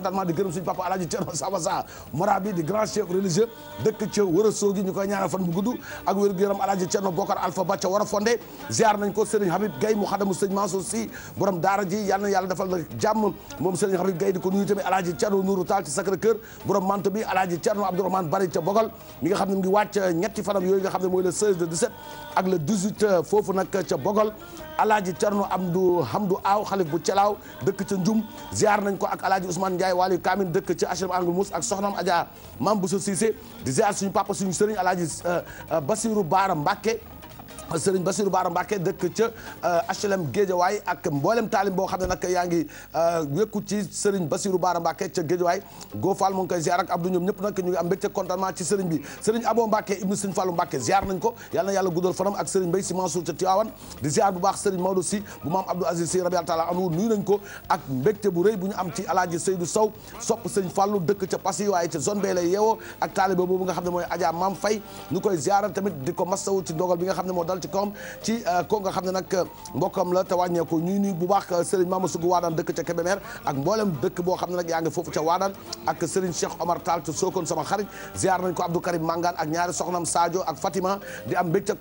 également di gërëm suñu papa alaaji Cerno Sabasa marabi di grand chef religieux dëkk ca wër a soogi ñu koy ñaanal fan bu gudd ak wér-gu-yaram alaaji Cerno Bokar Alpha Ba ca war a nañ ko Serigne Habib Gaye mu xadamu Serigne Mansour Sy borom daara yal na yàlla defal la jàmm moom Serigne Habib Gaye di ko nuyu tamit alaaji Cerno Nourou ci Sacré Cœur manto bi alaaji Cerno Abdourahmane Bari ca Bogal mi nga xam ne mu ngi ñetti fanam yooyu nga xam ne Ndiaye Waly Kamil dëkk ci HLM Angle Mousse ak soxnam Adja Mam Bousso Cissé di ziar suñu papa suñu sëriñ Alaaji euh, euh, Basirou Baara Mbacke Sëriñ Bassirou Bara Mbacké dëkk ca euh, HLM Géejawaay ak mboolem taalim boo xam ne nag yaa ngi euh, wékku ci Sëriñ Bassirou Bara Mbacké ca Géejawaay Go Fall mu ngi koy ziar ak Abdou ñoom ñëpp nag ñu ngi am ak sëriñ ca Tivaouane di ziar bu baax sëriñ Maodo Sy bu ñu am ci Alaaji Seydou Sow sopp Sëriñ Fallou dëkk ca Passy waaye ca zone bee yeewoo ak taalibe boobu nga xam ne mooy Adja Maam Faye ñu koy ziaral tamit di ko masawu ci ndogal bi nga xam ne moo dal dal ci kawam ci ko nga xam ne nag euh, mbokkam la te wàññeeku ñuy nuyu bu baax euh, Serigne ma Sougou Waadaan dëkk ca Kébémer ak mboolem dëkk boo xam ne nag yaa ngi foofu ca Waadaan ak Serigne Cheikh Omar Tall te Sokone sama xarit ziar nañ ko Abdou Karim Mangane ak ñaari soxnam Sadio ak Fatima di am mbégte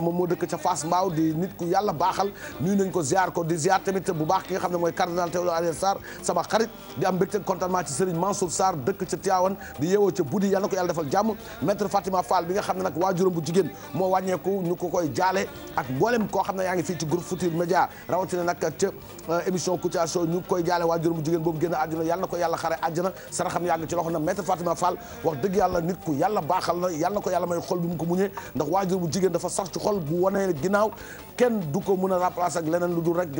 moo dëkk ca Fass Mbao di nit ku yàlla baaxal nuyu nañ ko ziar ko di ziar bu baax ki xam ne mooy cardinal Théodore Adrien Sarr sama xarit di am mbégte contentement ci Serigne Mansour Sarr dëkk ca Tivaouane di yeewoo ca Budi yàlla na ko yàlla defal jàmm maître Fatima Fall bi nga xam ne nag waajuram bu jigéen moo wàññeeku ñu ko koy jaale ak mboolem koo xam ne yaa ngi fii ci groupe Futur Média rawatina nag ca euh, émission Kouthia Show ñu ngi koy jaale waajuram bu jigéen boobu génn àdduna yàlla na ko yàlla xare àjjana saraxam yàgg ci loxo na maître ko yàlla may xol bi ko a remplacer ak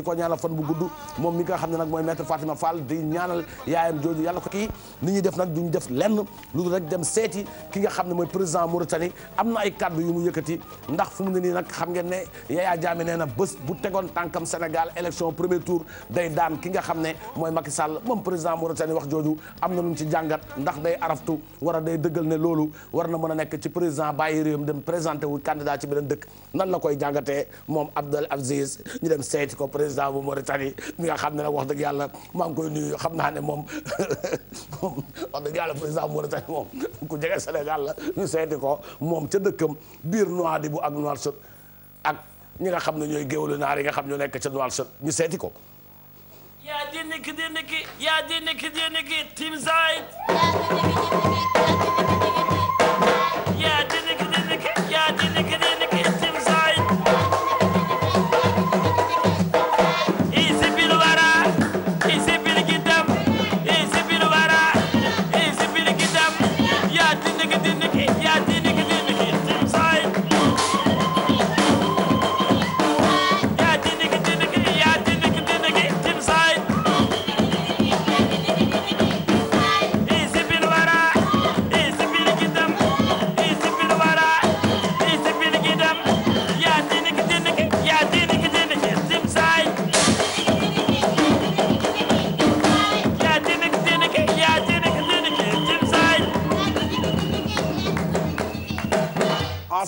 ko ñaanal fan bu gudd moom mi nga xam ne nag mooy maître Fatima Fall di ñaanal yaayam jooju yàlla ko kii ni ñuy def nag duñu def lenn lu rek dem seeti ki nga xam ne mooy président Mauritanie am na ay kàddu yu mu yëkkati ndax fu mu ne nii nag xam ngeen ne Yaya Jammeh nee na bés bu tegoon tànkam Sénégal élection premier tour day daan ki nga xam ne mooy Macky Sall moom président Mauritanie wax jooju am na lu mu ci jàngat ndax day araftu war a day dëggal loolu war na mën a nekk ci président bàyyi réewam dem présenté wu candidat ci beneen dëkk nan koy jàngatee moom Abdel Aziz ñu dem seeti ko président bu Mauritanie mi nga xam ne nag wax dëgg yàlla maa ngi koy nuyu xam naa ne moom wax dëgg yàlla président bu Mauritanie moom ku jege Sénégal la ñu seeti ko moom ca dëkk Maccom biir Nouadhibou ak Nouakchott ak ñi nga xam ne ñooy géwélu naar yi nga xam ñu nekk ca Nouakchott ñu seeti ko. yaa di nekk di nekk yaa di nekk di nekk Tim Zaid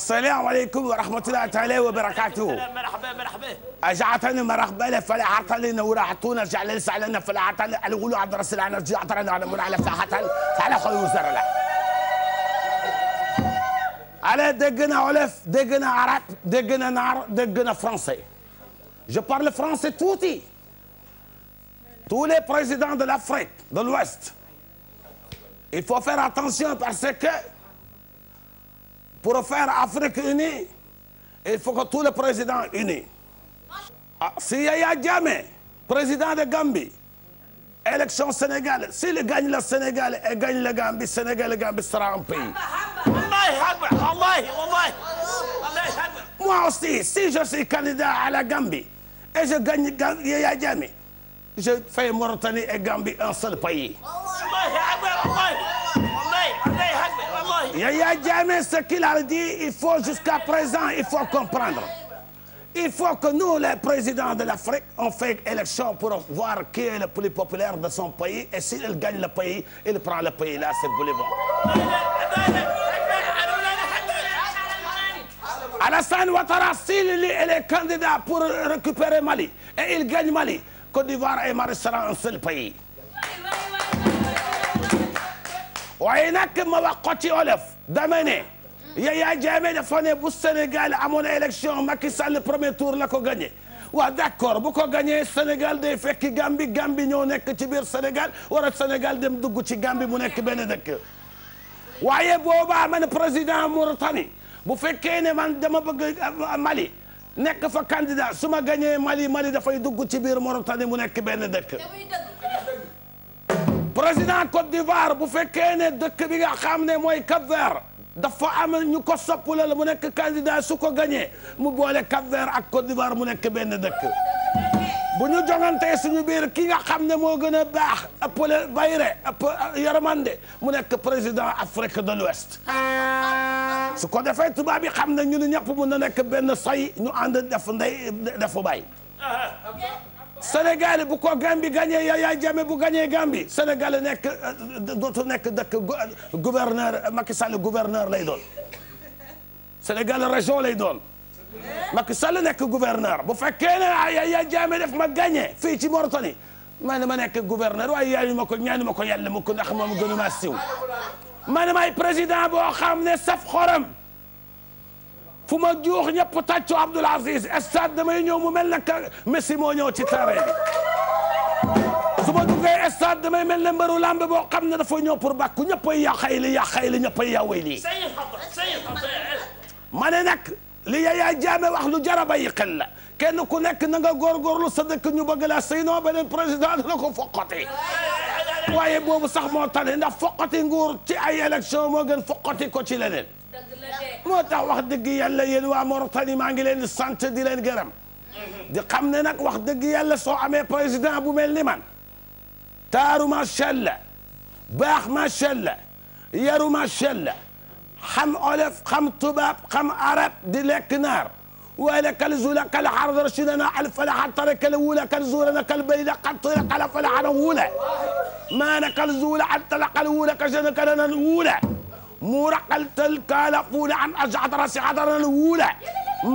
asalaamaaleykum wa rahmatullahi taala wa barakaatuhu أجعتني مرغبلة فلا عطل نورا عطونا جعل سعلنا فلا عطل الغلو عبد الرسول أنا رجع عطرنا أنا من على فلاحة تعالى خيو زرلا على دقنا علف دقنا عرب دقنا نار دقنا فرنسي Je parle français tuuti tous les présidents de l'Afrique de l'Ouest il faut faire attention parce que pour faire Afrique unie il faut que tous les présidents unis ah si Yaya Jammeh président de Gambie élection Sénégal s'il le Sénégal et gagne Gambie Sénégal et Gambie sera un pays. moi aussi si je suis candidat à et je gagne Yaya je fais Mauritanie et Gambie un seul Yaya Jammeh, ce qu'il a dit, il faut jusqu'à présent, il faut comprendre. Il faut que nous, les présidents de l'Afrique, on fait élection pour voir qui est le plus populaire de son pays. Et s'il gagne le pays, il prend le pays là, c'est Bouliba. Alassane est candidat pour récupérer Mali, et il gagne Mali, Côte d'Ivoire et Mali sera un seul pays. waaye nag ma wax ko ci olof dama ne Yaya Jammeh dafa ne bu Sénégal amoon élection Macky Sall premier tour la ko gagné waaw d'accord bu ko gañe Sénégal day fekk Gambie Gambie ñoo nekk ci biir war wara Sénégal dem dugg ci Gambie mu nekk benn dëkk waaye boobaa man président Mauritanie bu fekkee ne man dama bëgg euh, Mali nekk fa candidat su ma gagné Mali Mali dafay dugg ci biir Mauritanie mu nekk benn dëkk président Côte d'Ivoire bu fekkee ne dëkk bi nga xam ne mooy Cap-Vert dafa am ñu ko la mu nekk candidat su ko gagné mu boole Cap-Vert ak Côte d'Ivoire mu nekk benn dëkk bu ñu jongantee suñu biir ki nga xam ne moo gën a baax ëppale bayre ëpp yaramande mu nekk président Afrique de l'Ouest su ko defee tubaab bi xam ne ñu ne ñëpp mun na nekk benn say ñu ànd def ndey defu bay Sénégal bu ko Gambie gagné Yaya Jammeh bu gagné Gambie Sénégal nekk euh, dootu nekk dëkk euh, gouverneur Macky Sall gouverneur lay doon Sénégal région lay nekk gouverneur bu fekkee ne ah Yaya Jammeh def ma gagné fii ci ne nekk gouverneur saf xoram. fu ma juux ñëpp tàccu Abdoul Aziz stade damay ñëw mu mel ne que Messi moo ñëw ci terrain su ma duggee stade damay mel ne mbaru lamb bo xam ne dafa ñëw pour bàkku ñëppay yàqay li yàqay li ñëppay yàway lii ma ne nag li Yaya Jammeh wax lu jar a bàyyi xel la kenn ku nekk na nga góorgóorlu sa dëkk ñu bëgg laa sinon beneen président dana ko foqati waaye boobu sax moo tane ndax foqati nguur ci ay élection moo gën foqati ko ci leneen moo tax wax dëgg yàlla yéen waa Mauritanie maa ngi leen di sant di leen gërëm di xam ne nag wax dëgg yàlla soo amee président bu mel ni man taaru macha allah baax macha allah yaru macha allah xam olof xam tubaab xam arab di lekk naar ولا كالزولا كالحرر شننا ألف لا حتر كالولا كالزولا كالبيدا قطر كالفلا حرولا ما أنا كالزولا حتى لا كالولا كشنا كالنا الأولى muuraqaltal kaala quula an ashadara siadara lwuula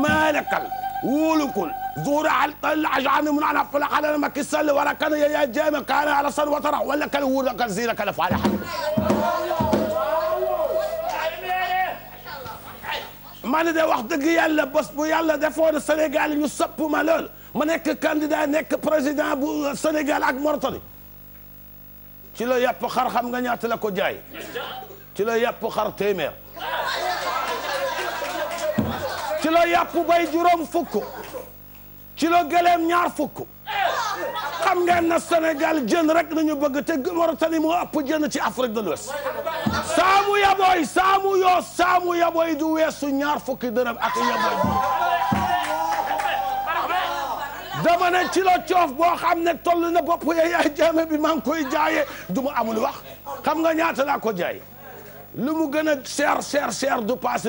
maalakal wuulukul zuura alqal ajani mun ana fala ala ma kisal wala kana ya jama kana ala san watara wala kal wuura kal zira kal fala ma ne de wax dëgg yàlla bés bu yàlla defoon Sénégal ñu sopp ma lool ma nekk candidat nekk président bu Sénégal ak Mortani ci la yàpp xar xam nga ñaata la ko jaay ci la yàpp ci la yàpp bay juróom fukk ci la gëleem ñaar fukk xam ngeen na senegal jën rek nañu bëgg te Mauritanie moo ëpp jën ci Afrique de l'Ouest saamu yaboy saamu yoo saamu yaboy du weesu ñaar fukki dërëm ak yaboy dama ne ci la coof boo xam ne toll na bopp yay ay jaame bi maa ngi koy jaayee du ma amul wax xam nga ñaata laa ko jaay lu mu gën a seer seer seer du passé